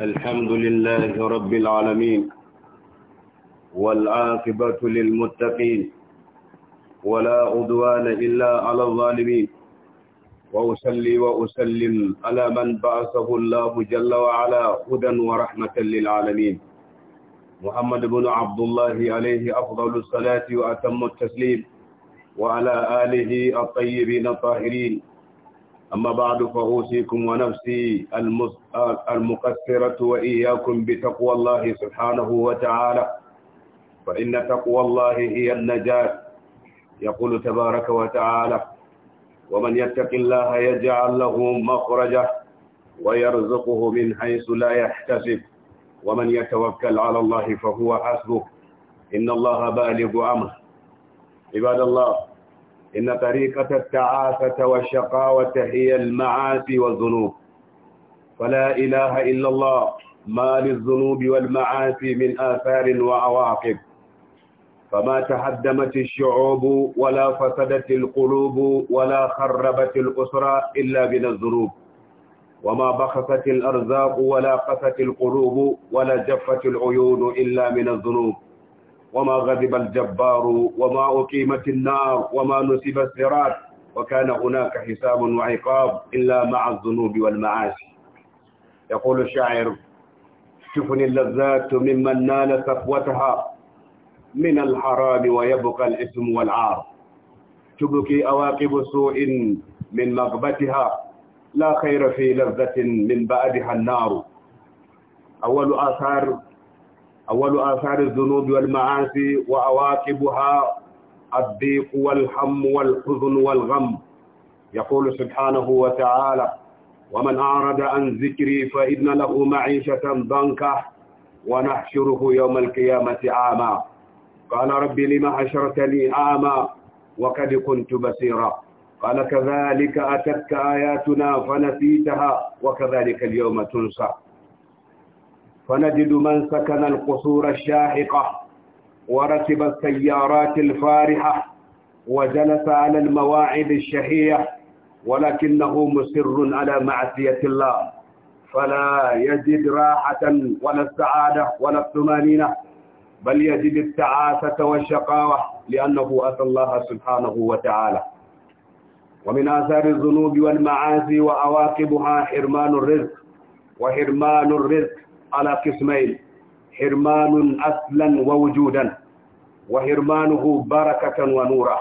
الحمد لله رب العالمين والعاقبة للمتقين ولا عدوان إلا على الظالمين وأسلي وأسلم على من بعثه الله جل وعلا هدى ورحمة للعالمين محمد بن عبد الله عليه أفضل الصلاة وأتم التسليم وعلى آله الطيبين الطاهرين أما بعد فأوصيكم ونفسي المقصرة وإياكم بتقوى الله سبحانه وتعالى فإن تقوى الله هي النجاة يقول تبارك وتعالى ومن يتق الله يجعل له مخرجا ويرزقه من حيث لا يحتسب ومن يتوكل على الله فهو حسبه إن الله بالغ أمره عباد الله إن طريقة التعافة والشقاوة هي المعاصي والذنوب فلا إله إلا الله ما للذنوب والمعاصي من آثار وعواقب فما تهدمت الشعوب ولا فسدت القلوب ولا خربت الأسرى إلا من الذنوب وما بخست الأرزاق ولا قست القلوب ولا جفت العيون إلا من الذنوب وما غضب الجبار وما أقيمت النار وما نسب الصراط وكان هناك حساب وعقاب إلا مع الذنوب والمعاصي يقول الشاعر شفني اللذات ممن نال سفوتها من الحرام ويبقى الإثم والعار تبكي أواقب سوء من مغبتها لا خير في لذة من بعدها النار أول آثار أول آثار الذنوب والمعاصي وأواكبها الضيق والهم والحزن والغم يقول سبحانه وتعالى ومن أعرض عن ذكري فإن له معيشة ضنكة ونحشره يوم القيامة أعمى قال ربي لما حشرتني أعمى وقد كنت بصيرا قال كذلك أتتك آياتنا فنسيتها وكذلك اليوم تنسى فنجد من سكن القصور الشاهقة وركب السيارات الفارحة وجلس على المواعظ الشهية ولكنه مصر على معصية الله فلا يجد راحة ولا السعادة ولا الطمأنينة بل يجد التعاسة والشقاوة لأنه أتى الله سبحانه وتعالى ومن آثار الذنوب والمعاصي وأواقبها حرمان الرزق وحرمان الرزق على قسمين حرمان أصلا ووجودا وحرمانه بركة ونورا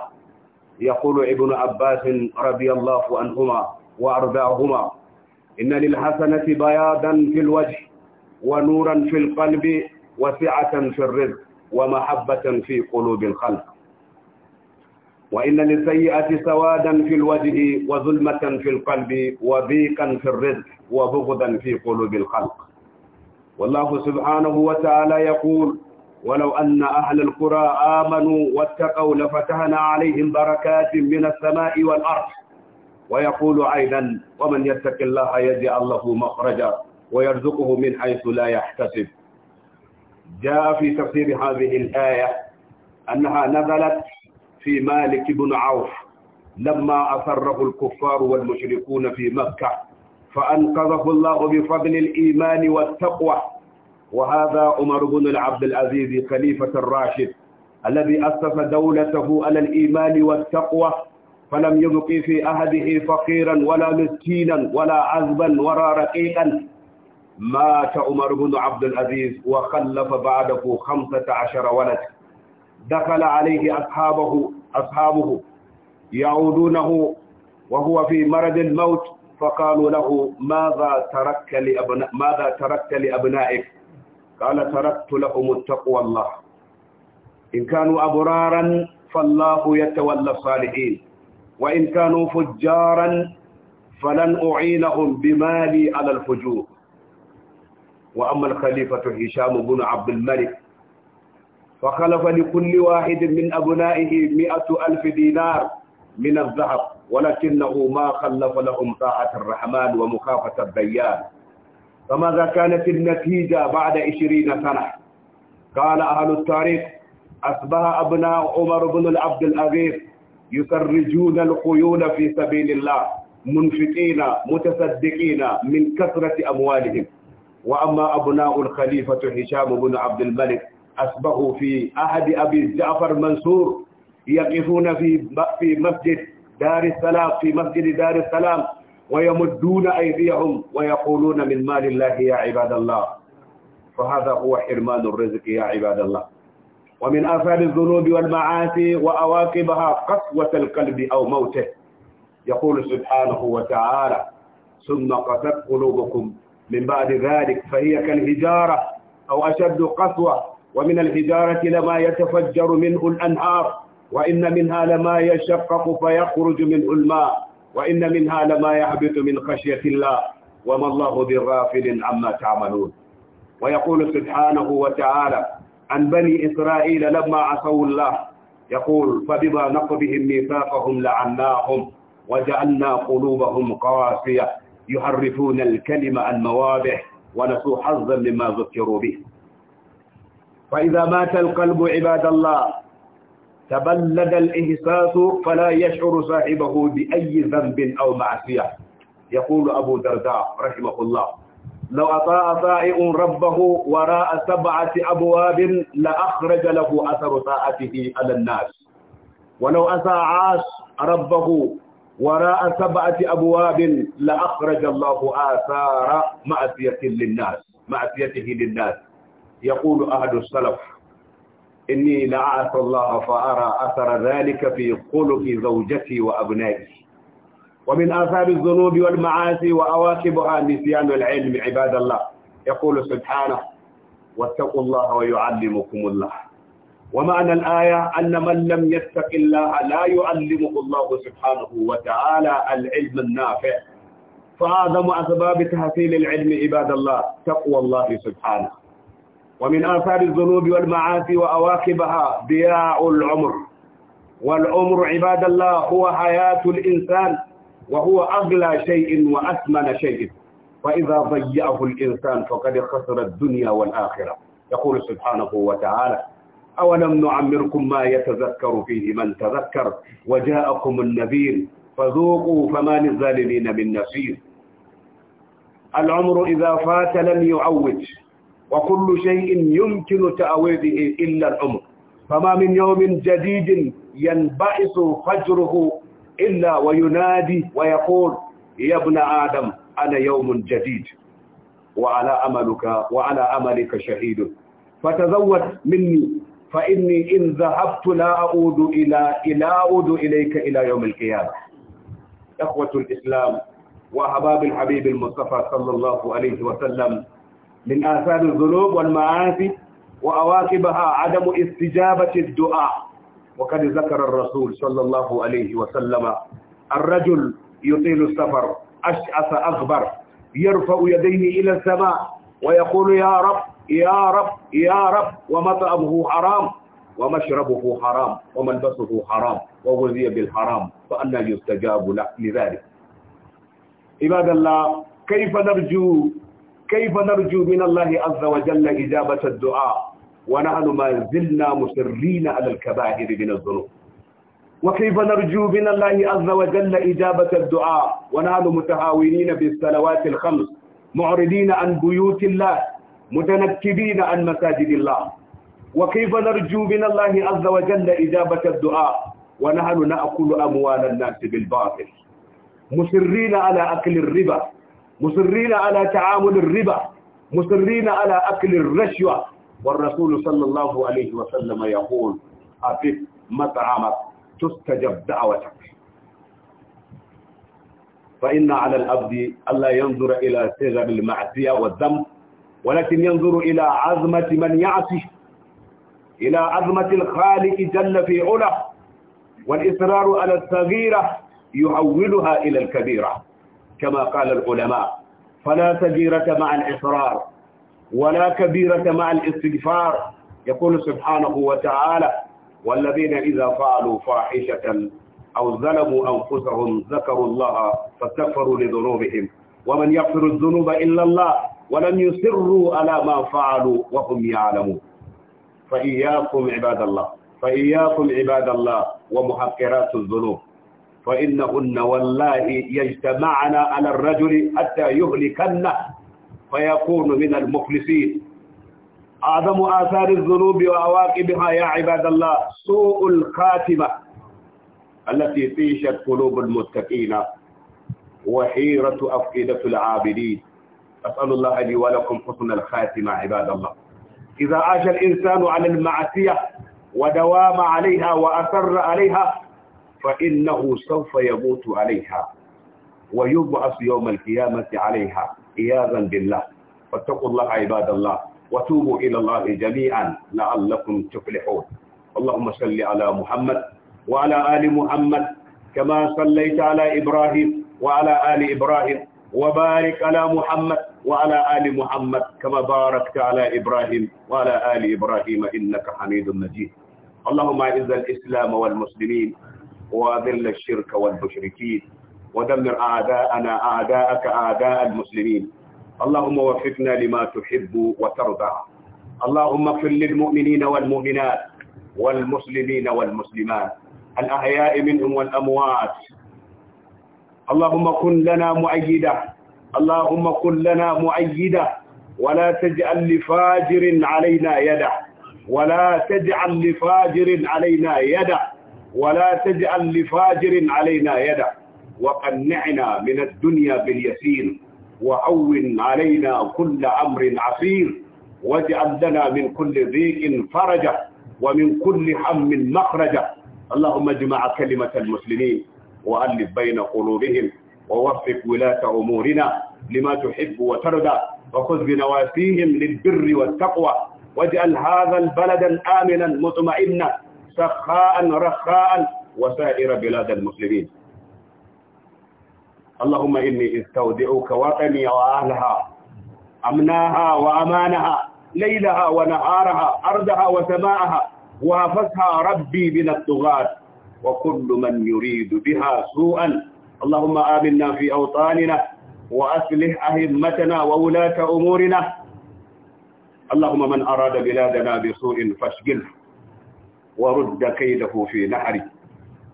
يقول ابن عباس رضي الله عنهما وأرضاهما إن للحسنة بياضا في الوجه ونورا في القلب وسعة في الرزق ومحبة في قلوب الخلق وإن للسيئة سوادا في الوجه وظلمة في القلب وضيقا في الرزق وبغضا في قلوب الخلق والله سبحانه وتعالى يقول ولو أن أهل القرى آمنوا واتقوا لفتحنا عليهم بركات من السماء والأرض ويقول أيضا ومن يتق الله يجعل له مخرجا ويرزقه من حيث لا يحتسب جاء في تفسير هذه الآية أنها نزلت في مالك بن عوف لما أسره الكفار والمشركون في مكة فأنقذه الله بفضل الإيمان والتقوى وهذا عمر بن العبد العزيز خليفة الراشد الذي أسس دولته على الإيمان والتقوى فلم يبقي في أهده فقيرا ولا مسكينا ولا عزبا ولا رقيقا مات عمر بن عبد العزيز وخلف بعده خمسة عشر ولد دخل عليه أصحابه, أصحابه يعودونه وهو في مرض الموت فقالوا له ماذا تركت لأبناء ماذا تركت لأبنائك قال تركت لهم التقوى الله إن كانوا أبرارا فالله يتولى الصالحين وإن كانوا فجارا فلن أعينهم بمالي على الفجور وأما الخليفة هشام بن عبد الملك فخلف لكل واحد من أبنائه مئة ألف دينار من الذهب ولكنه ما خلف لهم طاعة الرحمن ومخافة الديان فماذا كانت النتيجة بعد عشرين سنة قال أهل التاريخ أصبح أبناء عمر بن العبد الأغيث يسرجون القيون في سبيل الله منفقين متصدقين من كثرة أموالهم وأما أبناء الخليفة هشام بن عبد الملك أصبحوا في أحد أبي جعفر منصور يقفون في في مسجد دار السلام في مسجد دار السلام ويمدون أيديهم ويقولون من مال الله يا عباد الله فهذا هو حرمان الرزق يا عباد الله ومن آثار الذنوب والمعاصي وأواقبها قسوة القلب أو موته يقول سبحانه وتعالى ثم قست قلوبكم من بعد ذلك فهي كالهجارة أو أشد قسوة ومن الهجارة لما يتفجر منه الأنهار وإن منها لما يشقق فيخرج من الماء وإن منها لما يهبط من خشية الله وما الله بغافل عما تعملون ويقول سبحانه وتعالى عن بني إسرائيل لما عصوا الله يقول فبما نقضهم ميثاقهم لعناهم وجعلنا قلوبهم قاسية يحرفون الكلمة عن موابه ونسوا حظا مما ذكروا به فإذا مات القلب عباد الله تبلد الإحساس فلا يشعر صاحبه بأي ذنب أو معصية يقول أبو درداء رحمه الله لو أطاع طائع ربه وراء سبعة أبواب لأخرج له أثر طاعته على الناس ولو أساء عاش ربه وراء سبعة أبواب لأخرج الله آثار معصية للناس معصيته للناس يقول أهل السلف إني لأعصى الله فأرى أثر ذلك في خلق زوجتي وأبنائي ومن آثار الذنوب والمعاصي وأواكبها نسيان العلم عباد الله يقول سبحانه واتقوا الله ويعلمكم الله ومعنى الآية أن من لم يتق الله لا يعلمه الله سبحانه وتعالى العلم النافع فأعظم أسباب تحصيل العلم عباد الله تقوى الله سبحانه ومن آثار الذنوب والمعاصي وأواقبها ضياع العمر والعمر عباد الله هو حياة الإنسان وهو أغلى شيء وأثمن شيء فإذا ضيعه الإنسان فقد خسر الدنيا والآخرة يقول سبحانه وتعالى أولم نعمركم ما يتذكر فيه من تذكر وجاءكم النذير فذوقوا فما للظالمين من نصير العمر إذا فات لم يعوج وكل شيء يمكن تأويله إلا العمر فما من يوم جديد ينبعث فجره إلا وينادي ويقول يا ابن آدم أنا يوم جديد وعلى أملك وعلى أملك شهيد فتزود مني فإني إن ذهبت لا أعود إلى لا أعود إليك إلى يوم القيامة إخوة الإسلام وأحباب الحبيب المصطفى صلى الله عليه وسلم من آثار الذنوب والمعاصي وأواقبها عدم استجابة الدعاء وقد ذكر الرسول صلى الله عليه وسلم الرجل يطيل السفر أشعث أغبر يرفع يديه إلى السماء ويقول يا رب يا رب يا رب ومطعمه حرام ومشربه حرام وملبسه حرام وغذي بالحرام فأنا يستجاب له لذلك عباد الله كيف نرجو كيف نرجو من الله عز وجل إجابة الدعاء ونحن ما زلنا مصرين على الكبائر من الذنوب وكيف نرجو من الله عز وجل إجابة الدعاء ونحن متهاونين بالصلوات الخمس معرضين عن بيوت الله متنكبين عن مساجد الله وكيف نرجو من الله عز وجل إجابة الدعاء ونحن نأكل أموال الناس بالباطل مصرين على أكل الربا مصرين على تعامل الربا مصرين على أكل الرشوة والرسول صلى الله عليه وسلم يقول أفف مطعمك تستجب دعوتك فإن على الأبد ألا ينظر إلى سبب المعصية والذنب ولكن ينظر إلى عظمة من يعصي إلى عظمة الخالق جل في علا والإصرار على الصغيرة يحولها إلى الكبيرة كما قال العلماء فلا سجيرة مع الإصرار ولا كبيرة مع الاستغفار يقول سبحانه وتعالى والذين إذا فعلوا فاحشة أو ظلموا أنفسهم ذكروا الله فاستغفروا لذنوبهم ومن يغفر الذنوب إلا الله ولم يصروا على ما فعلوا وهم يعلمون فإياكم عباد الله فإياكم عباد الله ومحقرات الذنوب فإنهن والله يجتمعن على الرجل حتى يهلكنه فيكون من المخلصين أعظم آثار الذنوب وعواقبها يا عباد الله سوء الخاتمة التي فيشت قلوب المتقين وحيرة أفئدة العابدين أسأل الله لي ولكم حسن الخاتمة عباد الله إذا عاش الإنسان على المعصية ودوام عليها وأصر عليها فإنه سوف يموت عليها ويبعث يوم القيامة عليها إياذا بالله فاتقوا الله عباد الله وتوبوا إلى الله جميعا لعلكم تفلحون اللهم صل على محمد وعلى آل محمد كما صليت على إبراهيم وعلى آل إبراهيم وبارك على محمد وعلى آل محمد كما باركت على إبراهيم وعلى آل إبراهيم إنك حميد مجيد اللهم أعز الإسلام والمسلمين وأذل الشرك والمشركين ودمر أعداءنا أعداءك أعداء المسلمين اللهم وفقنا لما تحب وترضى اللهم اغفر للمؤمنين والمؤمنات والمسلمين والمسلمات الأحياء منهم والأموات اللهم كن لنا مؤيدة اللهم كن لنا مؤيدة ولا تجعل لفاجر علينا يده ولا تجعل لفاجر علينا يده ولا تجعل لفاجر علينا يدا وقنعنا من الدنيا باليسير وعون علينا كل أمر عسير واجعل لنا من كل ضيق فرجا ومن كل هم مخرجا اللهم اجمع كلمة المسلمين وألف بين قلوبهم ووفق ولاة أمورنا لما تحب وترضى وخذ بنواسيهم للبر والتقوى واجعل هذا البلد آمنا مطمئنا سخاء رخاء وسائر بلاد المسلمين اللهم إني استودعك وطني وأهلها أمناها وأمانها ليلها ونهارها أرضها وسماءها وهفزها ربي من الطغاة وكل من يريد بها سوءا اللهم آمنا في أوطاننا وأصلح أهمتنا وولاة أمورنا اللهم من أراد بلادنا بسوء فاشغله ورد كيده في نحره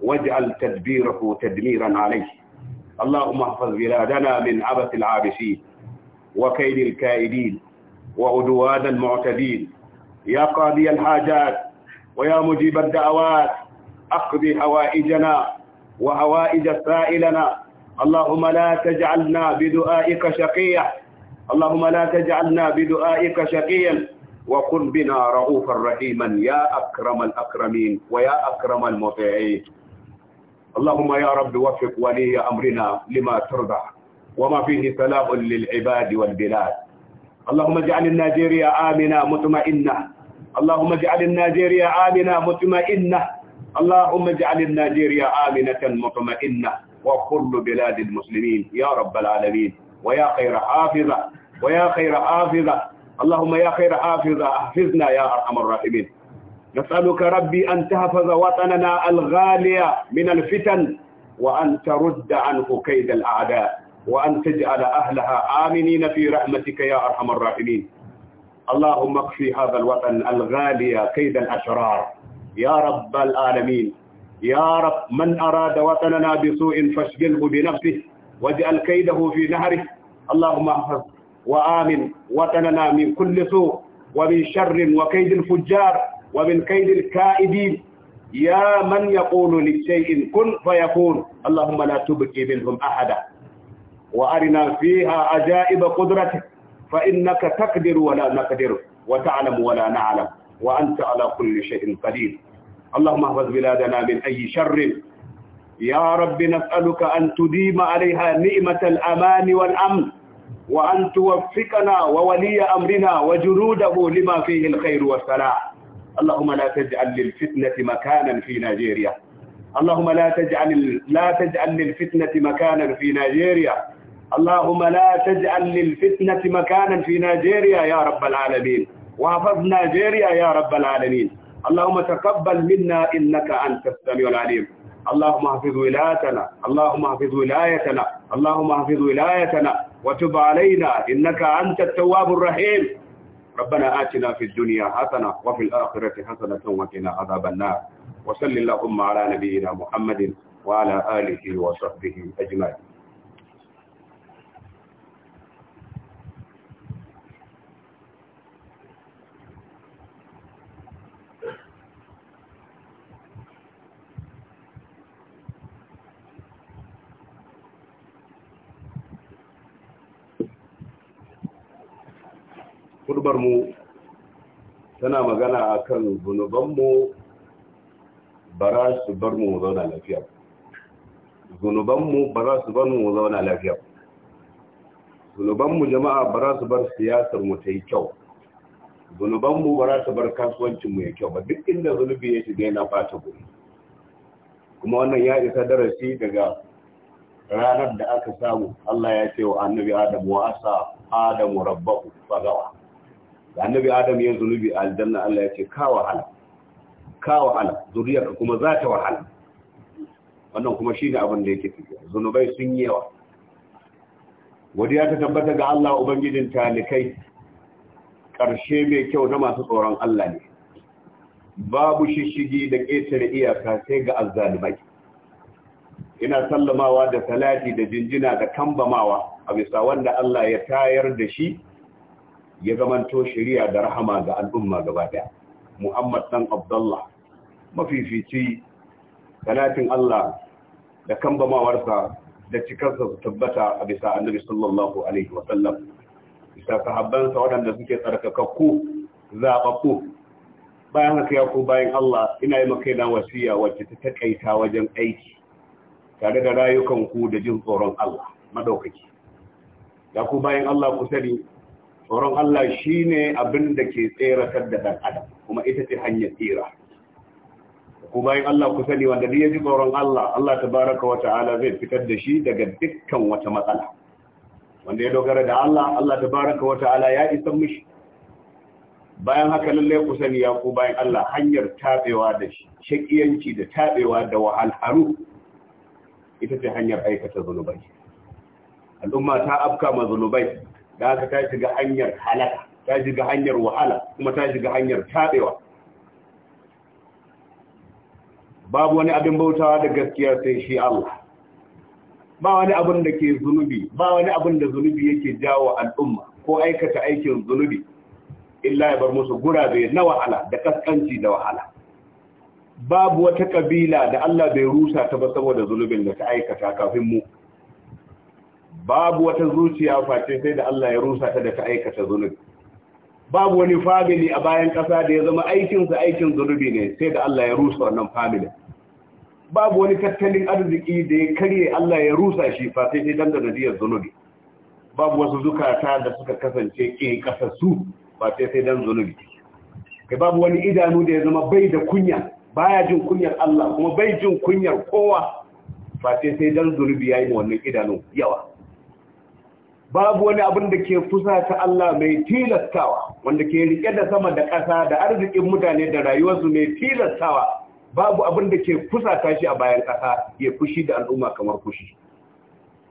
واجعل تدبيره تدميرا عليه اللهم احفظ بلادنا من عبث العابثين وكيد الكائدين وعدوان المعتدين يا قاضي الحاجات ويا مجيب الدعوات اقضي حوائجنا وحوائج سائلنا اللهم لا تجعلنا بدعائك شقيا اللهم لا تجعلنا بدعائك شقيا وكن بنا رؤوفا رحيما يا أكرم الأكرمين ويا أكرم المطيعين اللهم يا رب وفق ولي أمرنا لما ترضى وما فيه سلام للعباد والبلاد اللهم اجعل النيجيريا آمنة مطمئنة اللهم اجعل النيجيريا آمنة مطمئنة اللهم اجعل النيجيريا آمنة مطمئنة وكل بلاد المسلمين يا رب العالمين ويا خير حافظة ويا خير حافظة اللهم يا خير حافظ احفظنا يا أرحم الراحمين نسألك ربي أن تحفظ وطننا الغالية من الفتن وأن ترد عنه كيد الأعداء وأن تجعل أهلها آمنين في رحمتك يا أرحم الراحمين اللهم اكفي هذا الوطن الغالي كيد الأشرار يا رب العالمين يا رب من أراد وطننا بسوء فاشغله بنفسه واجعل كيده في نهره اللهم احفظ وآمن وطننا من كل سوء ومن شر وكيد الفجار ومن كيد الكائدين يا من يقول لشيء كن فيكون اللهم لا تبكي منهم أحدا وأرنا فيها أجائب قدرتك فإنك تقدر ولا نقدر وتعلم ولا نعلم وأنت على كل شيء قدير اللهم احفظ بلادنا من أي شر يا رب نسألك أن تديم عليها نعمة الأمان والأمن وأن توفقنا وولي أمرنا وجنوده لما فيه الخير والصلاح اللهم لا تجعل للفتنة مكانا في نيجيريا اللهم لا تجعل لا تجعل للفتنة مكانا في نيجيريا اللهم لا تجعل للفتنة مكانا في نيجيريا يا رب العالمين واحفظ نيجيريا يا رب العالمين اللهم تقبل منا إنك أنت السميع العليم اللهم احفظ ولايتنا اللهم احفظ ولايتنا اللهم احفظ ولايتنا وتب علينا إنك أنت التواب الرحيم ربنا آتنا في الدنيا حسنة وفي الآخرة حسنة وقنا عذاب النار وصل اللهم على نبينا محمد وعلى آله وصحبه أجمعين hudubar mu tana magana akan zunubanmu ba za bar mu zauna lafiya zunubanmu ba za bar mu zauna lafiya zunubanmu jama'a ba bar siyasar mu ta yi kyau zunubanmu ba za bar kasuwancin mu ya kyau ba duk inda zunubi ya shiga yana fata guri kuma wannan ya isa darasi daga ranar da aka samu Allah ya ce wa annabi Adam wa asa Adamu rabbahu fagawa da annabi adam ya zunubi a aljanna Allah ya ce ka wahala ka wahala zuriyarka kuma za ta wahala wannan kuma shine abin da yake tafiya zunubai sun yi yawa godiya ta tabbata ga Allah ubangijin talikai karshe mai kyau na masu tsoron Allah ne babu shishigi da ƙetare iyaka sai ga azzalimai ina sallamawa da salati da jinjina da kambamawa a bisa wanda Allah ya tayar da shi ya zamanto shari'a da rahama ga al'umma gaba daya muhammad dan abdullah mafifici talatin allah da kambamawarsa da cikarsa su tabbata a bisa annabi sallallahu alaihi wa sallam bisa sahabbansa waɗanda suke tsarkakakku zaɓaɓɓu bayan haka ya ku bayan Allah ina yi maka yana wasiya wacce ta takaita wajen aiki tare da rayukanku da jin tsoron Allah madaukaki ya ku bayan Allah ku sani tsoron Allah shi ne abin da ke tseratar da ɗan adam kuma ita ce hanyar tsira ku bayan Allah ku sani wanda ya ji tsoron Allah Allah ta baraka wa ta'ala zai fitar da shi daga dukkan wata matsala wanda ya dogara da Allah Allah ta baraka wa ta'ala ya isa mishi bayan haka lalle ku sani ya ku bayan Allah hanyar tabewa da shakiyanci da tabewa da wahalharu ita ce hanyar aikata zunubai al'umma ta afka ma zunubai da haka ta shiga hanyar halaka ta shiga hanyar wahala kuma ta shiga hanyar tabewa babu wani abin bautawa da gaskiya sai shi Allah ba wani abin da ke zunubi ba wani abin da zunubi yake jawo al'umma ko aikata aikin zunubi illa ya bar musu gurabe na wahala da kaskanci da wahala babu wata kabila da Allah bai rusa ta ba saboda zunubin da ta aikata kafin mu babu wata zuciya face sai da Allah ya rusa ta da ta aikata zunubi babu wani family a bayan kasa da ya zama aikinsa aikin zunubi ne sai da Allah ya rusa wannan family babu wani tattalin arziki da ya karye Allah ya rusa shi face sai dan da nadiyar zunubi babu wasu zukata da suka kasance ke kasassu face sai sai dan zunubi kai babu wani idanu da ya zama bai da kunya baya jin kunyar Allah kuma bai jin kunyar kowa Face sai sai dan zunubi yayi wannan idanu yawa babu wani abin da ke kusa ta Allah mai tilastawa wanda ke rike da sama da ƙasa da arzikin mutane da rayuwarsu mai tilastawa babu abin da ke kusa ta shi a bayan ƙasa ya fushi da al'umma kamar fushi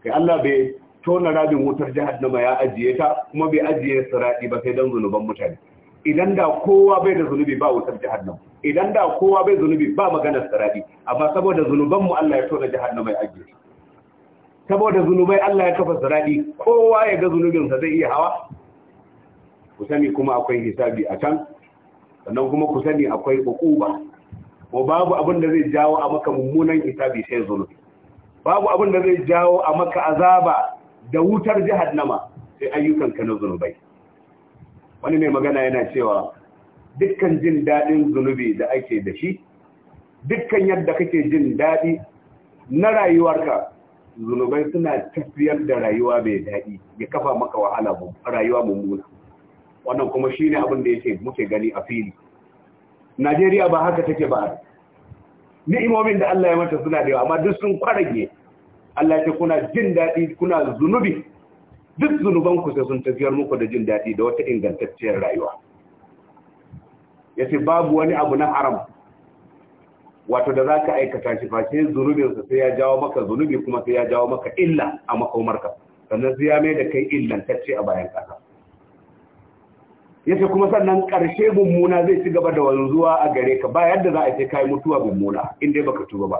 kai Allah bai tona rabin wutar jahannama ya ajiye ta kuma bai ajiye sirati ba sai dan zunuban mutane idan da kowa bai da zunubi ba wutar jahannama idan da kowa bai zunubi ba maganar sirati amma saboda zunuban mu Allah ya tona jahannama ya ajiye saboda zunubai Allah ya kafa saradi kowa ya ga zunubinsa zai iya hawa ku sani kuma akwai hisabi a can sannan kuma ku sani akwai ukuba ko babu abin da zai jawo a maka mummunan hisabi sai zunubi babu abin da zai jawo a maka azaba da wutar jahannama sai ka na zunubai wani mai magana yana cewa dukkan jin daɗin zunubi da ake da shi dukkan yadda kake jin daɗi na rayuwarka zunubai suna tafiyar da rayuwa mai daɗi ya kafa maka wahala mu rayuwa mummuna wannan kuma shi ne abin da yake muke gani a fili Najeriya ba haka take ba ni'imomin da Allah ya mata suna da yawa amma duk sun kwarage Allah ya kuna jin daɗi kuna zunubi duk zunuban ku sai sun tafiyar muku da jin daɗi da wata ingantacciyar rayuwa yace babu wani abu na haram wato da zaka aikata shi face zunubin sa sai ya jawo maka zunubi kuma sai ya jawo maka illa a makomarka sannan sai ya mai da kai illantacce a bayan kasa yace kuma sannan karshe mummuna zai ci gaba da wanzuwa a gare ka ba yadda za a ce kai mutuwa mummuna in dai baka tuba ba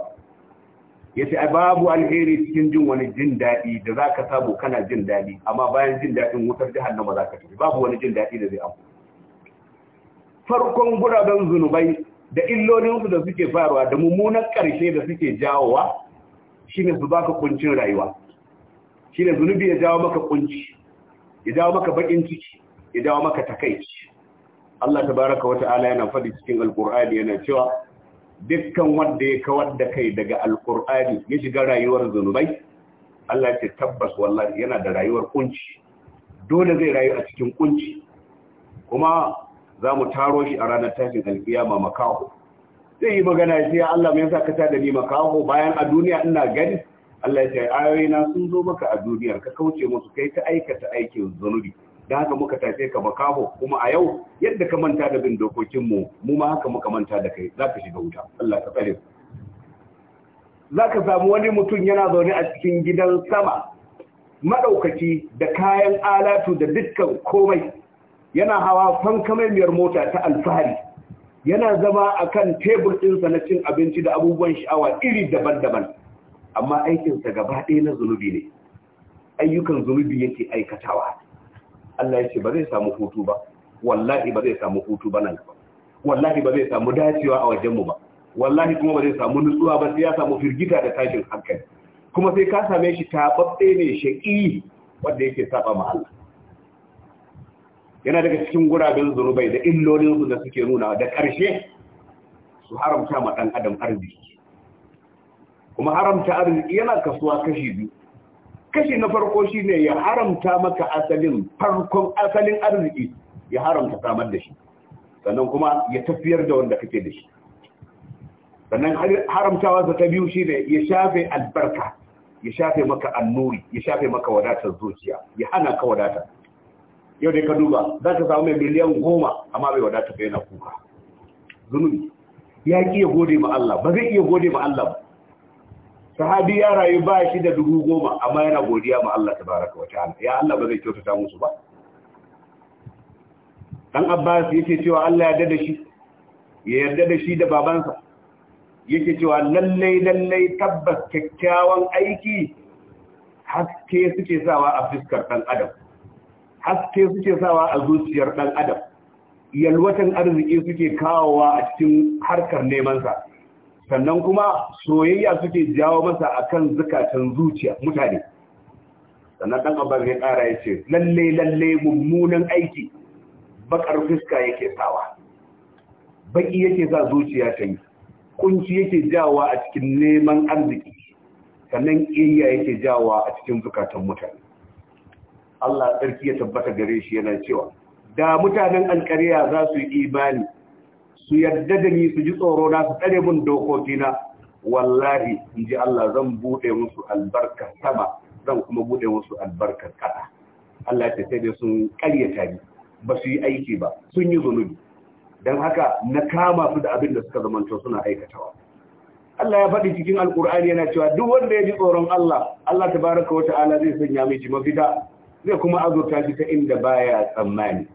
yace babu alheri cikin jin wani jin dadi da zaka samu kana jin dadi amma bayan jin dadin wutar jahannama zaka tafi babu wani jin dadi da zai amfana farkon guraben zunubai da illolinsu da suke faruwa da mummunan ƙarshe da suke jawowa shi ne su ba ka kuncin rayuwa shi ne zunubi ya jawo maka kunci ya jawo maka baƙin ciki ya jawo maka takaici Allah Ta baraka wa ta'ala yana faɗi cikin alƙur'ani yana cewa dukkan wanda ya kawar da kai daga alƙur'ani ya shiga rayuwar zunubai Allah ce tabbas wallahi yana da rayuwar kunci dole zai rayu a cikin kunci kuma za mu taro shi a ranar tashin alkiyama makaho zai yi magana ya Allah mai yasa ka da ni makaho bayan a duniya ina gani Allah ya ce ayoyi na sun zo maka a duniya, ka kauce musu kai ta aikata aikin zunubi da haka muka tafe ka makaho kuma a yau yadda ka manta da bin dokokin mu mu ma haka muka manta da kai za ka shiga wuta Allah ka tsare Za ka samu wani mutum yana zaune a cikin gidan sama madaukaki da kayan alatu da dukkan komai yana hawa fankamemiyar mota ta alfahari yana zama a kan tebur ɗinsa na cin abinci da abubuwan sha'awa iri daban-daban amma aikinsa gaba ɗaya na zunubi ne ayyukan zunubi yake aikatawa Allah ya ce ba zai samu hutu ba wallahi ba zai samu hutu ba nan gaba wallahi ba zai samu dacewa a wajenmu ba wallahi kuma ba zai samu nutsuwa ba sai ya samu firgita da tashin hankali kuma sai ka same shi taɓaɓɓe ne shaƙi wanda yake saba ma Allah yana daga cikin guraben zunubai da illolinsu da suke nuna da ƙarshe su haramta ma ɗan adam arziki kuma haramta arziki yana kasuwa kashi biyu kashi na farko shi ne ya haramta maka asalin farkon asalin arziki ya haramta samar da shi sannan kuma ya tafiyar da wanda kake da shi sannan haramtawa ta biyu shi ne ya shafe albarka ya shafe maka annuri ya shafe maka wadatar zuciya ya hana ka wadatar yau dai ka duba za ka samu mai miliyan goma amma bai wadata ka yana kuka zunubi ya ki ya gode ma Allah ba zai iya gode ma Allah ba sahabi ya rayu ba shi da dubu goma amma yana godiya ma Allah ta baraka wa ta'ala ya Allah ba zai kyautata musu ba dan Abbas yake cewa Allah ya yarda da shi ya yarda da shi da babansa yake cewa lallai lallai tabbas kyakkyawan aiki haske suke sawa a fuskar dan adam Aske suke sawa a zuciyar ɗan adam yalwatan arziki suke kawowa a cikin harkar nemansa sannan kuma soyayya suke jawo masa akan zukatan zuciya mutane sannan ɗan abar zai ƙara ya lalle lalle mummunan aiki bakar fuska yake sawa baki yake sa zuciya ta yi kunci yake jawa a cikin neman arziki sannan iya yake jawa a cikin zukatan mutane Allah tsarki ya tabbata gare shi yana cewa da mutanen alkariya za su yi imani su yarda da ni su ji tsoro na su tsare mun dokokina wallahi in ji Allah zan bude musu albarka sama zan kuma buɗe musu albarka kada Allah ya sai dai sun karya ni ba su yi aiki ba sun yi zunubi dan haka na kama su da abin da suka zamanto suna aikatawa Allah ya faɗi cikin alƙur'ani yana cewa duk wanda ya ji tsoron Allah Allah tabaraka wa ta'ala zai sanya miji mafita zai kuma azurta shi ta inda baya tsammani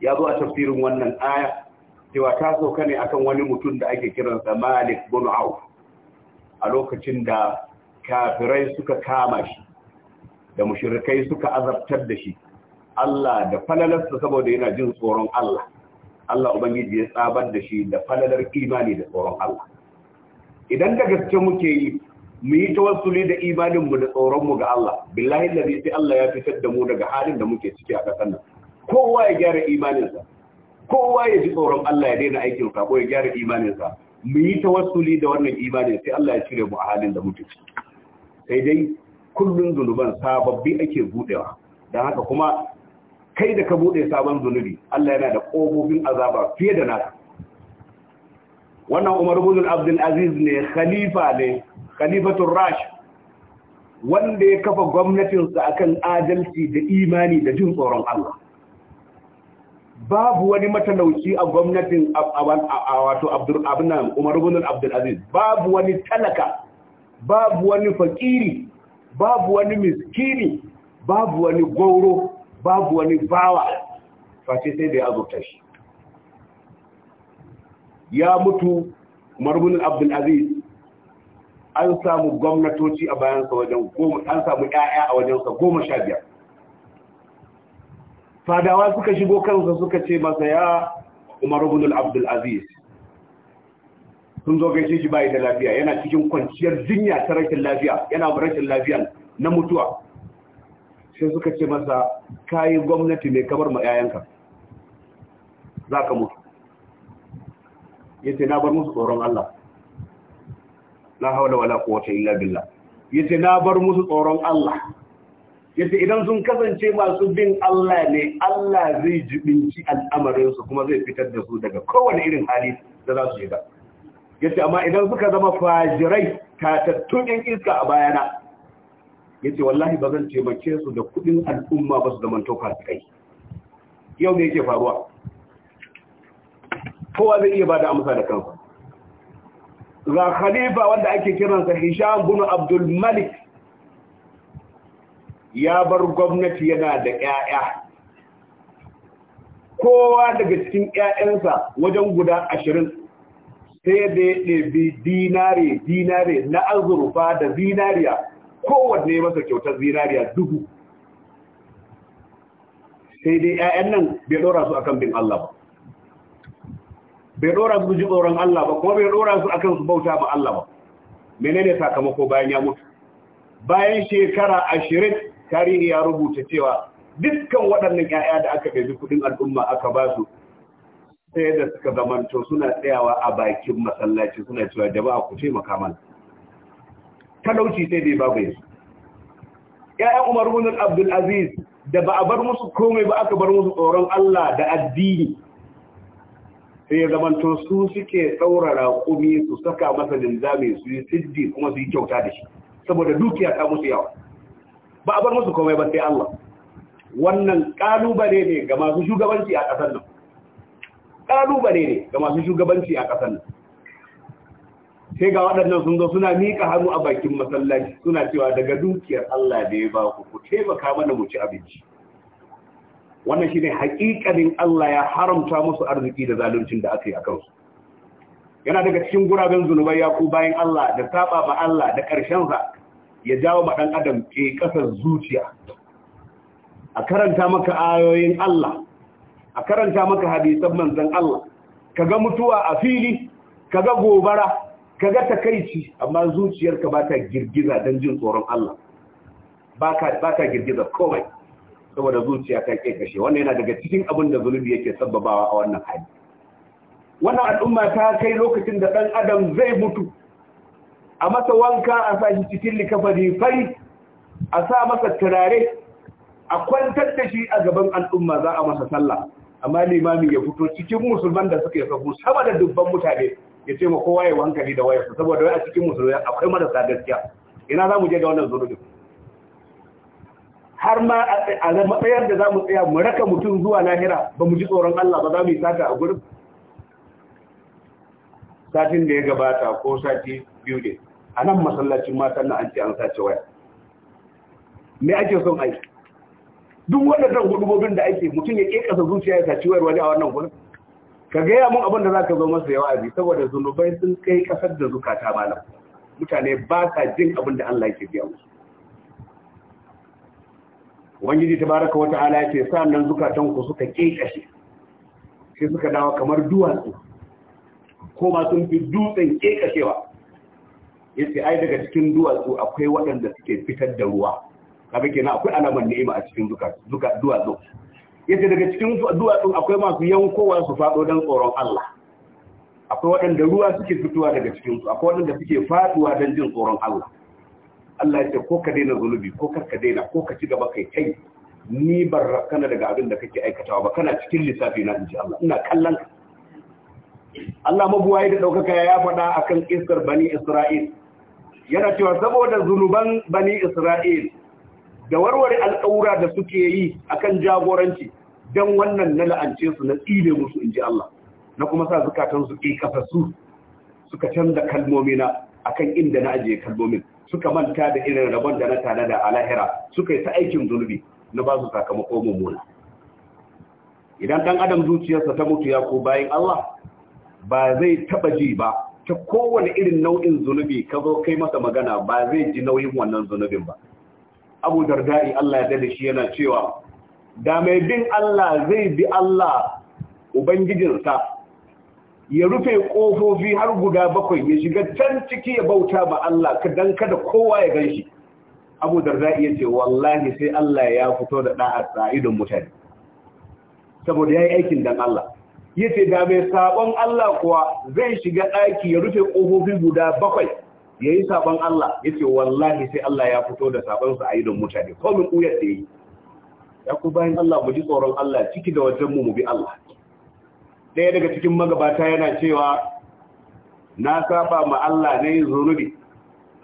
ya zo a tafsirin wannan aya cewa ta sauka ne akan wani mutum da ake kiransa Malik bin Auf a lokacin da kafirai suka kama shi da mushrikai suka azabtar da shi Allah da falalarsa saboda yana jin tsoron Allah Allah ubangiji ya tsabar da shi da falalar imani da tsoron Allah idan da gaske muke yi mu yi tawassuli da imaninmu da tsoron mu ga Allah billahi allazi sai Allah ya fitar da mu daga halin da muke ciki a kasan nan kowa ya gyara imaninsa kowa ya ji tsoron Allah ya daina aikin sako ya gyara imaninsa mu yi tawassuli da wannan imanin sai Allah ya cire mu a halin da muke ciki sai dai kullum zunuban sababbi ake buɗewa. dan haka kuma kai da ka buɗe sabon zunubi Allah yana da kofofin azaba fiye da naka wannan Umar ibn Abdul Aziz ne khalifa ne khalifatul rash wanda ya kafa gwamnatinsa akan adalci da imani da jin tsoron Allah babu wani matalauci a gwamnatin wato abdullabinan umar ibn abdulaziz babu wani talaka babu wani fakiri babu wani miskini babu wani gauro babu wani bawa face sai da ya azurta shi ya mutu umar ibn abdulaziz an samu gwamnatoci a bayansa wajen goma an samu ƴaƴa a wajensa goma sha biyar fadawa suka shigo kansa suka ce masa ya umar ibn abdul aziz sun zo gaishe shi bai da lafiya yana cikin kwanciyar jinya ta rashin lafiya yana rashin lafiya na mutuwa sai suka ce masa kayi gwamnati ne kamar ma ƴaƴanka za ka mutu yace na bar musu tsoron Allah la hawla wala quwwata illa billah yace na bar musu tsoron Allah yace idan sun kasance masu bin Allah ne Allah zai jibinci al'amarin su kuma zai fitar da su daga kowane irin hali da za su shiga yace amma idan suka zama fajirai tatattun iska a bayana yace wallahi ba zan taimake su da kudin al'umma ba su zama toka kai yau me yake faruwa kowa zai iya bada amsa da kansa ga khalifa wanda ake kiransa hisham bin abdul malik ya bar gwamnati yana da 'ya'ya kowa daga cikin 'ya'yansa wajen guda ashirin sai da ya dinare dinare na azurfa da zinariya kowanne masa kyautar zinariya dubu sai dai 'ya'yan nan bai ɗora su akan bin Allah ba bai dora su ji tsoron Allah ba kuma bai dora su akan su bauta ma Allah ba menene sakamako bayan ya mutu bayan shekara ashirin tarihi ya rubuta cewa dukkan waɗannan 'ya'ya da aka ɗabi kuɗin al'umma aka ba su sai da suka zamanto suna tsayawa a bakin masallaci suna cewa jama'a ku taimaka mana talauci sai dai babu yanzu ya'yan umar ibn abdul aziz da ba a bar musu komai ba aka bar musu tsoron Allah da addini sai ya zamanto su suke tsaurara kumi su saka masa linzami su yi siddi kuma su yi kyauta da shi saboda dukiya ta musu yawa ba a bar musu komai ba sai Allah wannan kalubale ne ga masu shugabanci a ƙasar nan kalubale ne ga masu shugabanci a ƙasar nan sai ga waɗannan sun zo suna miƙa hannu a bakin masallaci suna cewa daga dukiyar Allah da ya ba ku ku taimaka mana mu ci abinci wannan shi ne haƙiƙanin Allah ya haramta musu arziki da zaluncin da aka yi a kansu yana daga cikin guraben zunubai ya ku bayan Allah da saba ba Allah da ƙarshen sa ya jawo ma ɗan adam ke kasar zuciya a karanta maka ayoyin Allah a karanta maka hadisan manzan Allah ka ga mutuwa a fili ka ga gobara ka ga takaici amma zuciyarka ba ta girgiza don jin tsoron Allah ba ta girgiza komai saboda zuciya ta ke kashe wannan yana daga cikin abin da zunubi yake sabbabawa a wannan hali wannan al'umma ta kai lokacin da ɗan adam zai mutu a masa wanka a sa shi cikin likafari fari a sa masa turare a kwantar da shi a gaban al'umma za a masa sallah amma limami ya fito cikin musulman da suka yi sabu sama da dubban mutane ya ce ma kowa ya wankali da wayarsa saboda wai a cikin musulman akwai marasa gaskiya ina za mu je ga wannan zunubin har ma a matsayar da za mu tsaya mu raka mutum zuwa lahira ba mu ji tsoron Allah ba za mu yi sata a gurin satin da ya gabata ko sati biyu ne a nan masallacin matan na an ce an sace waya me ake son aiki duk waɗannan hudubobin da ake mutum ya sa zuciya ya saci wayar wani a wannan gurin ka gaya mun abin da za ka zo masa yawa abi saboda zunubai sun kai ƙasar da zukata malam mutane ba sa jin abin da Allah yake biya musu ubangiji baraka wa ta'ala ya ce sa'annan zukatan ku suka kekashe sai suka dawo kamar duwatsu ko ma sun fi dutsen kekashewa yace ai daga cikin duwatsu akwai waɗanda suke fitar da ruwa kaga kenan akwai alamar ni'ima a cikin zuka zuka duwatsu yace daga cikin duwatsu akwai masu yankowa su fado dan tsoron Allah akwai waɗanda ruwa suke fitowa daga cikin su akwai waɗanda suke faduwa dan jin tsoron Allah Allah ya ce ko ka daina zunubi ko kar ka daina ko ka ci gaba kai kai ni ban kana daga abin da kake aikatawa ba kana cikin lissafi na inji Allah ina kallon ka Allah mabuwaye da ɗaukaka ya faɗa akan iskar bani Isra'il yana cewa saboda zunuban bani Isra'il da warware alƙawura da suke yi akan jagoranci dan wannan na la'ance su na tsile musu inji Allah na kuma sa zukatan su kafasu suka canza kalmomina akan inda na ajiye kalmomin suka manta da irin rabon da na tare da alahira suka yi ta aikin zunubi na ba su sakamako mummuna idan ɗan adam zuciyarsa ta mutu ya ko bayan Allah ba zai taɓa ji ba ta kowane irin nau'in zunubi ka zo kai masa magana ba zai ji nauyin wannan zunubin ba abu dardari Allah ya dade shi yana cewa da mai bin Allah zai bi Allah ubangijinsa ya rufe kofofi har guda bakwai ya shiga can ciki ya bauta ba Allah ka dan kada kowa ya gan shi abu darda iya ce wallahi sai Allah ya fito da ɗa'ar sa'idun mutane saboda ya yi aikin dan Allah ya ce da mai sabon Allah kuwa zai shiga ɗaki ya rufe kofofi guda bakwai ya yi sabon Allah ya ce wallahi sai Allah ya fito da sabon sa'idun mutane komin ƙuyar da ya ya ku bayan Allah mu ji tsoron Allah ciki da wajen mu mu bi Allah Daya daga cikin magabata yana cewa na saba ma Allah ne zunubi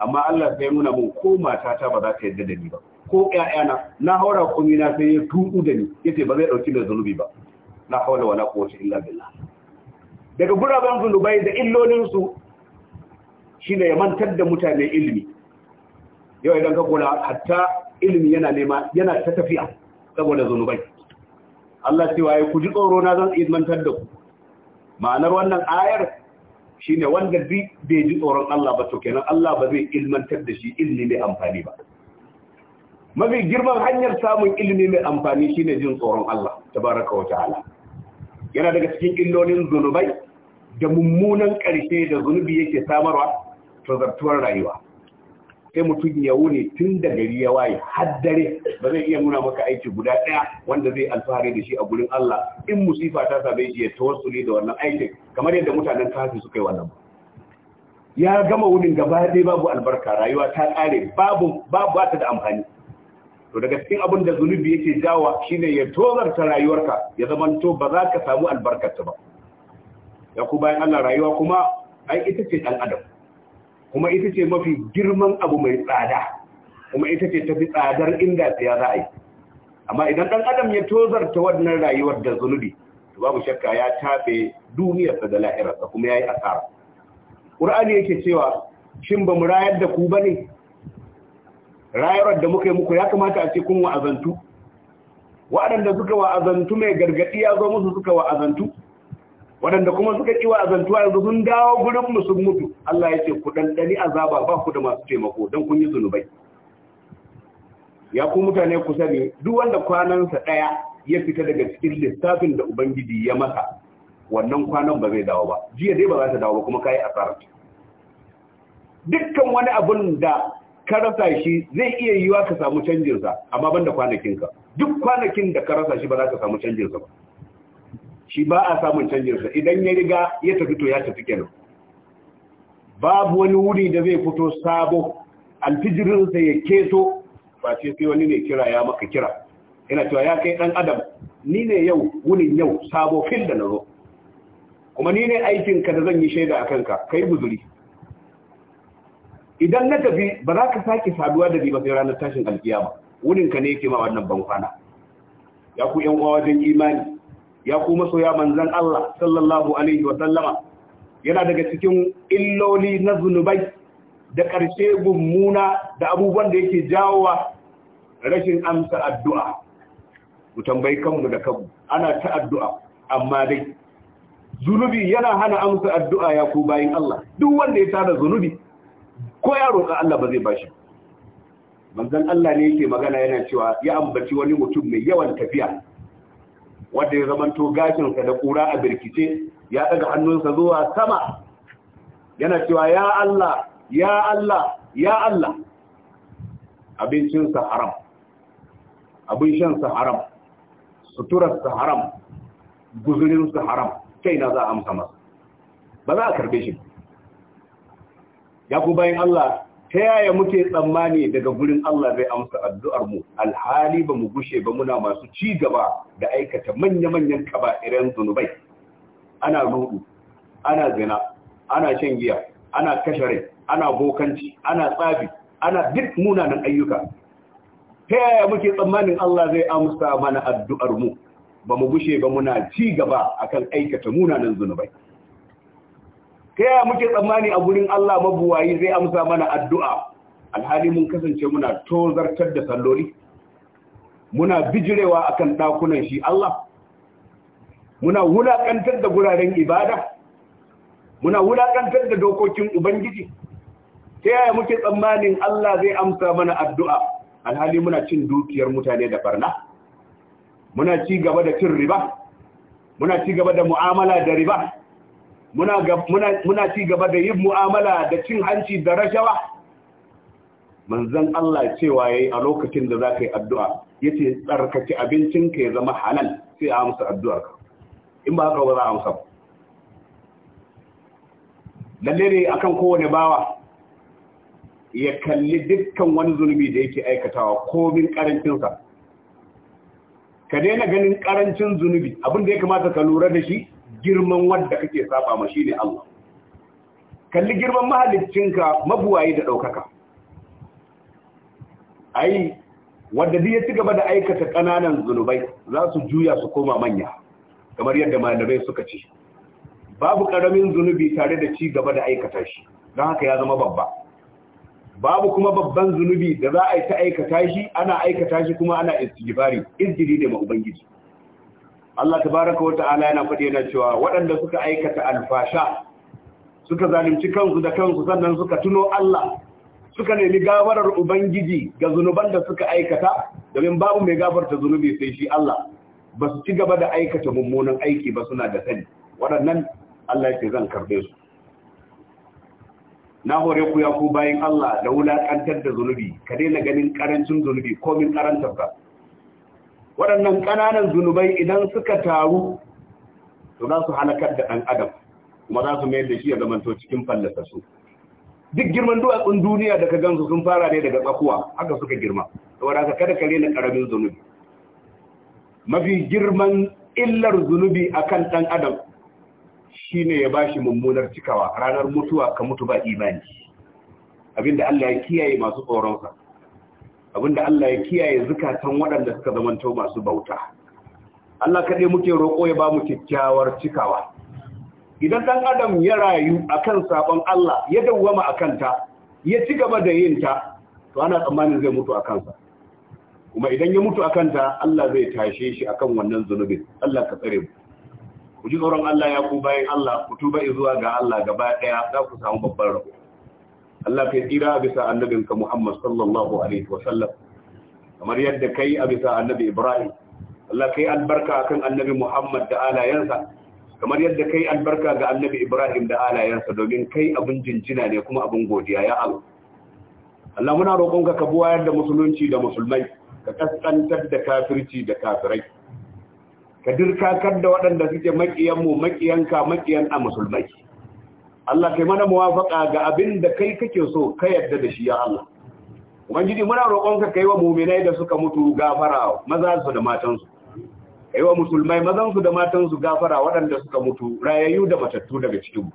amma Allah sai nuna mun ko matata ba za ta yadda da ni ba ko ƴaƴana na haura kuma na sai ya tuku da ni yace ba zai dauki da zunubi ba la hawla wala quwwata illa billah daga guraben zunubai da illolin su shine ya mantar da mutane ilimi yau idan ka kula hatta ilimi yana nema yana ta tafiya saboda zunubai Allah cewa ya ku ji tsoro na zan izmantar da ku ma'anar wannan ayar shine wanda bai ji tsoron Allah ba to kenan Allah ba zai ilmantar da shi ilimi mai amfani ba mafi girman hanyar samun ilimi mai amfani shine jin tsoron Allah tabaraka wa ta'ala yana daga cikin illolin zunubai da mummunan ƙarshe da zunubi yake samarwa to zartuwar rayuwa sai mutum ya wune tun da gari ya waye har dare ba zai iya nuna maka aiki guda ɗaya wanda zai alfahari da shi a gurin Allah in musifa ta same shi ya tawassuli da wannan aikin kamar yadda mutanen kafin suka yi wannan ya gama wunin gaba ɗaya babu albarka rayuwa ta ƙare babu babu ta da amfani to daga cikin abin da zunubi yake jawa shine ya tozarta rayuwarka ya zamanto ba za ka samu albarkarta ba ya ku bayan Allah rayuwa kuma ai ita ce dan adam kuma ita ce mafi girman abu mai tsada kuma ita ce tafi tsadar inda ya za yi amma idan ɗan adam ya tozarta wannan rayuwar da zunubi to babu shakka ya taɓe duniyar da lahirarsa kuma ya yi asara ƙur'ani yake cewa shin ba mu rayar da ku ba ne rayuwar da muka yi muku ya kamata a ce kun wa'azantu waɗanda suka wa'azantu mai gargaɗi ya zo musu suka wa'azantu waɗanda kuma suka ƙi wa azantuwa yanzu sun dawo gurin mu sun mutu Allah ya ce ku ɗanɗani azaba ba ku da masu taimako don kun yi zunubai ya ku mutane ku sani duk wanda kwanansa ɗaya ya fita daga cikin lissafin da ubangiji ya masa wannan kwanan ba zai dawo ba jiya dai ba za ta dawo ba kuma kayi asara dukkan wani abun da ka rasa shi zai iya yiwa ka samu canjinsa amma banda kwanakinka duk kwanakin da ka rasa shi ba za ka samu canjinsa ba shi ba a samun canjinsa idan ya riga ya tafi to ya tafi kenan babu wani wuri da zai fito sabo alfijirinsa ya keto ba ce sai wani ne kira ya maka kira yana cewa ya kai dan adam ni ne yau wunin yau sabo fil da nazo kuma ni ne aikinka da zan yi shaida a kanka kai buzuri idan na tafi ba za ka sake saduwa da ba ranar tashin alkiyama wurinka ne yake ma wannan bankwana ya ku yan uwa wajen imani ya kuma soya manzan Allah sallallahu alaihi wa sallama yana daga cikin illoli na zunubai da ƙarshe gummuna da abubuwan da yake jawowa rashin amsa addu'a mu tambayi kanmu da kanmu ana ta addu'a amma dai zunubi yana hana amsa addu'a ya ku bayin Allah duk wanda ya tada zunubi ko ya roƙa Allah ba zai bashi Manzan Allah ne yake magana yana cewa ya ambaci wani mutum mai yawan tafiya wanda ya zamanto gashinsa da kura a birkice ya daga hannunsa zuwa sama yana cewa ya Allah ya Allah ya Allah abincinsa haram abin shansa haram suturarsa haram guzurinsa haram kai na za a amsa masa ba za a karbe shi ya ku bayan Allah ta yaya muke tsammani daga gurin Allah zai amsa addu'ar mu alhali ba mu gushe ba muna masu ci gaba da aikata manya-manyan kaba'iren zunubai ana rudu ana zina ana shan giya ana kashare ana bokanci ana tsabi ana duk munanan ayyuka ta yaya muke tsammanin Allah zai amsa mana addu'ar mu ba mu gushe ba muna ci gaba akan aikata munanan zunubai ta yaya muke tsammani a gurin Allah mabuwayi zai amsa mana addu'a alhali mun kasance muna tozartar da salloli muna bijirewa a kan ɗakunan shi Allah muna wulakantar da guraren ibada muna wulakantar da dokokin ubangiji ta yaya muke tsammanin Allah zai amsa mana addu'a alhali muna cin dukiyar mutane da barna muna ci gaba da cin riba muna ci gaba da mu'amala da riba muna ci gaba da yin mu'amala da cin hanci da rashawa manzan Allah cewa ya yi a lokacin da za ka yi addu'a ya ce tsarkaci abincinka ya zama halal sai a amsa addu'ar in ba haka ba za a amsa lalle ne akan kowane bawa ya kalli dukkan wani zunubi da yake aikatawa komin karancinsa ka daina ganin karancin zunubi abin da ya kamata ka lura da shi girman wanda kake saba ma shine Allah kalli girman mahaliccinka mabuwayi da ɗaukaka ai wanda duk ya ci gaba da aikata ƙananan zunubai za su juya su koma manya kamar yadda malamai suka ce babu ƙaramin zunubi tare da ci gaba da aikata shi don haka ya zama babba babu kuma babban zunubi da za a yi ta aikata shi ana aikata shi kuma ana istighfari izgiri da ma ubangiji Allah tabaraka wa ta'ala yana faɗi yana cewa waɗanda suka aikata alfasha suka zalunci kansu da kansu sannan suka tuno Allah suka nemi gafarar ubangiji ga zunuban da suka aikata domin babu mai gafarta zunubi sai shi Allah ba su ci gaba da aikata mummunan aiki ba suna da sani waɗannan Allah yake zan karbe su na hore ku ya ku bayin Allah da wulakantar da zunubi ka daina ganin karancin zunubi komin karantar ka waɗannan ƙananan zunubai idan suka taru to za su halakar da ɗan adam kuma za su mayar da shi ya zamanto cikin fallasa su duk girman duwatsun duniya da ka gansu sun fara ne daga tsakuwa haka suka girma saboda haka kada ka rena karamin zunubi mafi girman illar zunubi akan ɗan adam shine ya shi mummunar cikawa ranar mutuwa ka mutu ba imani abinda Allah ya kiyaye masu tsoronsa abinda Allah ya kiyaye zukatan waɗanda suka zamanto masu bauta Allah kaɗai muke roƙo ya ba mu kyakkyawar cikawa idan ɗan adam ya rayu akan sabon Allah ya dawwama akan ta ya ci gaba da yin ta to ana tsammanin zai mutu akan sa kuma idan ya mutu akan ta Allah zai tashe shi akan wannan zunubin Allah ka tsare mu ku ji tsoron Allah ya ku bayan Allah ku tuba zuwa ga Allah gaba ɗaya za ku samu babban rabo Allah kai tsira a bisa annabinka Muhammad sallallahu alaihi wa sallam kamar yadda ka yi a bisa annabi Ibrahim Allah kai albarka akan annabi Muhammad da alayansa kamar yadda ka yi albarka ga annabi Ibrahim da alayansa domin kai abin jinjina ne kuma abin godiya ya Allah Allah muna roƙonka ka wayar da musulunci da musulmai ka kaskantar da kafirci da kafirai ka dirkakar da waɗanda suke makiyanmu makiyanka maƙiyan a musulmai Allah kai mana muwafaka ga abin da kai kake so ka yadda da shi ya Allah ubangiji muna roƙonka kai wa mu'minai da suka mutu gafara maza su da matan su kai wa musulmai mazan su da matan su gafara waɗanda suka mutu rayayyu da matattu daga cikin mu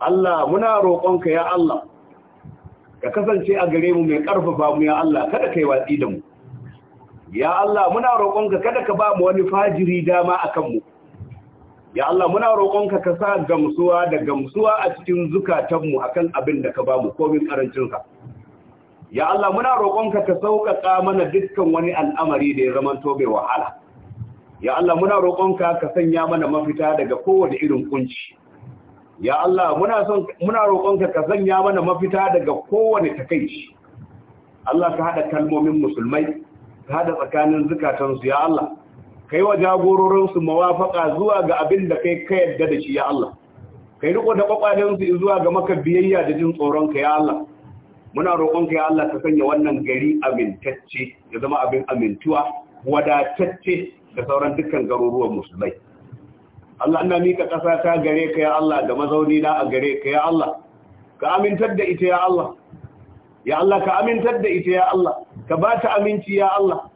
Allah muna roƙonka ya Allah ka kasance a gare mu mai ƙarfafa mu ya Allah kada kai watsi da mu ya Allah muna roƙonka kada ka ba mu wani fajiri dama akan mu ya Allah muna roƙonka ka sa gamsuwa da gamsuwa a cikin zukatanmu akan abin da ka bamu komin ƙarancinka. ya Allah muna roƙonka ka sauƙaƙa mana dukkan wani al'amari da ya zama tobe wahala ya Allah muna roƙonka ka sanya mana mafita daga kowane irin kunci ya Allah muna son muna roƙonka ka sanya mana mafita daga kowane takeici Allah ka hada kalmomin musulmai ka hada tsakanin zukatansu ya Allah kai wa jagororinsu mawafaka zuwa ga abin da kai ka yadda da shi ya Allah kai riko da kwakwalensu zuwa ga maka biyayya da jin tsoron ka ya Allah muna roƙonka ya Allah ka sanya wannan gari amintacce ya zama abin amintuwa wadatacce da sauran dukkan garuruwan musulmai Allah ina mika ƙasa ta gare ka ya Allah da mazauni na a gare ka ya Allah ka amintar da ita ya Allah ya Allah ka amintar da ita ya Allah ka ba ta aminci ya Allah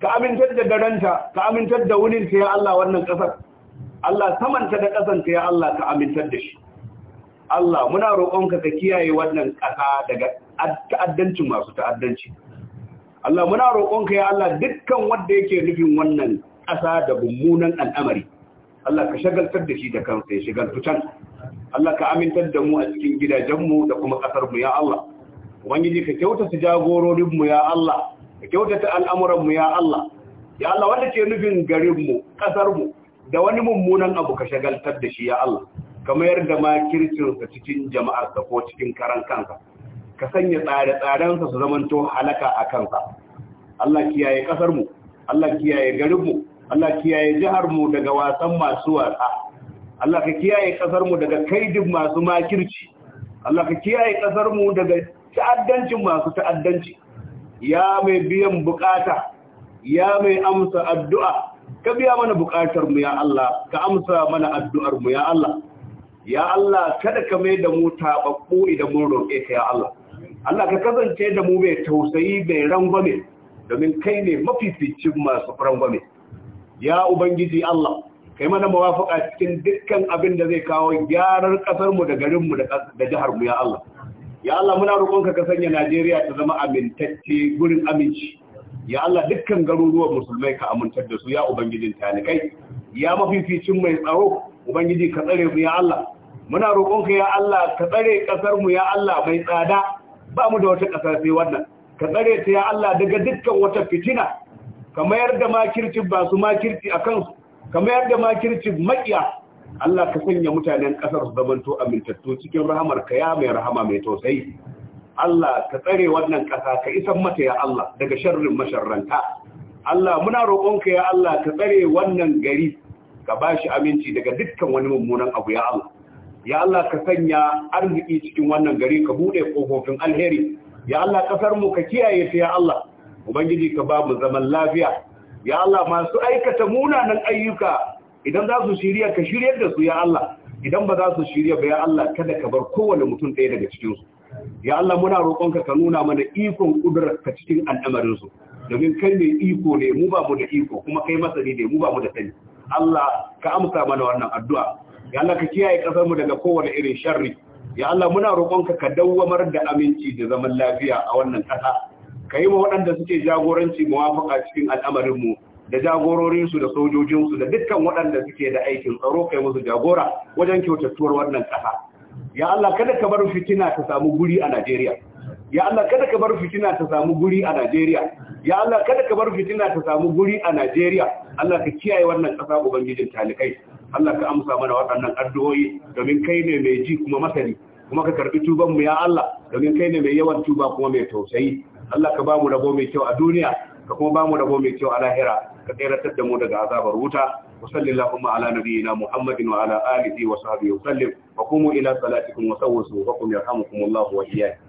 ka amintar da garanta ka amintar da wurin ta ya Allah wannan kasar Allah samanta da kasanta ya Allah ka amintar da shi Allah muna roƙonka ka kiyaye wannan ƙasa daga ta'addanci masu ta'addanci Allah muna roƙonka ya Allah dukkan wanda yake nufin wannan ƙasa da mummunan al'amari Allah ka shagaltar da shi da kansa ya shagaltu can Allah ka amintar da mu a cikin gidajenmu da kuma ƙasarmu ya Allah ne ka kyauta su jagororinmu ya Allah ka kyautata al'amuranmu ya Allah ya Allah wanda ke nufin garinmu ƙasarmu da wani mummunan abu ka shagaltar da shi ya Allah ka mayar da makircinsa cikin jama'arsa ko cikin karan kansa ka sanya tsare-tsarensa su zamanto halaka a kansa Allah kiyaye ƙasarmu Allah kiyaye garinmu Allah kiyaye jiharmu daga wasan masu wasa Allah ka kiyaye ƙasarmu daga kaidin masu makirci Allah ka kiyaye ƙasarmu daga ta'addancin masu ta'addanci ya mai biyan bukata ya mai amsa addu'a ka biya mana bukatar mu ya Allah ka amsa mana addu'ar mu ya Allah ya Allah kada ka mai da mu tababbu idan mun roƙe ka ya Allah Allah ka kasance da mu mai tausayi mai rangwame domin kai ne mafificin masu rangwame ya ubangiji Allah kai mana mawafaka cikin dukkan abin da zai kawo gyaran kasar mu da garin mu da jihar mu ya Allah ya Allah muna roƙonka ka sanya Najeriya ta zama amintacce gurin aminci ya Allah dukkan garuruwan musulmai ka amintar da su ya ubangijin talikai ya mafificin mai tsaro ubangiji ka tsare mu ya Allah muna ka ya Allah ka tsare ƙasar mu ya Allah mai tsada ba mu da wata ƙasa sai wannan ka tsare ta ya Allah daga dukkan wata fitina ka mayar da makirci ba su makirci a kansu ka mayar da makirci maƙiya Allah ka sanya mutanen ƙasar su zamanto amintattu cikin rahamar ka ya mai rahama mai tausayi Allah ka tsare wannan ƙasa ka isan mata ya Allah daga sharrin masharranta Allah muna roƙonka ya Allah ka tsare wannan gari ka ba shi aminci daga dukkan wani mummunan abu ya Allah ya Allah ka sanya arziki cikin wannan gari ka bude kofofin alheri ya Allah kasar mu ka kiyaye ta ya Allah ubangiji ka ba mu zaman lafiya ya Allah masu aikata munanan ayyuka idan za su shirya ka shiryar da su ya Allah idan ba za su shirya ba ya Allah kada ka bar kowane mutum ɗaya daga cikinsu ya Allah muna roƙonka ka nuna mana ikon ka cikin su domin kai ne iko ne mu ba mu da iko kuma kai masani ne mu ba mu da sani Allah ka amsa mana wannan addu'a ya Allah ka kiyaye ƙasarmu daga kowane irin sharri ya Allah muna roƙonka ka dawwamar da aminci da zaman lafiya a wannan ƙasa ka yi wa waɗanda suke jagoranci muwafaka cikin al'amarin mu da jagororinsu da sojojinsu da dukkan waɗanda suke da aikin tsaro kai musu jagora wajen kyautattuwar wannan ƙasa ya Allah kada ka bar fitina ta samu guri a Najeriya ya Allah kada ka bar fitina ta samu guri a Najeriya ya Allah kada ka bar fitina ta samu guri a Najeriya Allah ka kiyaye wannan ƙasa ubangijin talikai Allah ka amsa mana waɗannan addu'o'i domin kai ne mai ji kuma masani kuma ka karɓi tubanmu mu ya Allah domin kai ne mai yawan tuba kuma mai tausayi Allah ka ba mu rabo mai kyau a duniya ka kuma ba mu mai kyau a lahira ka tseratar da mu daga azabar wuta wa sallallahu ala nabiyina muhammadin wa ala alihi wa sahbihi wa sallim wa qumu ila salatikum wa sawwu wa qum yarhamukumullahu wa iyyakum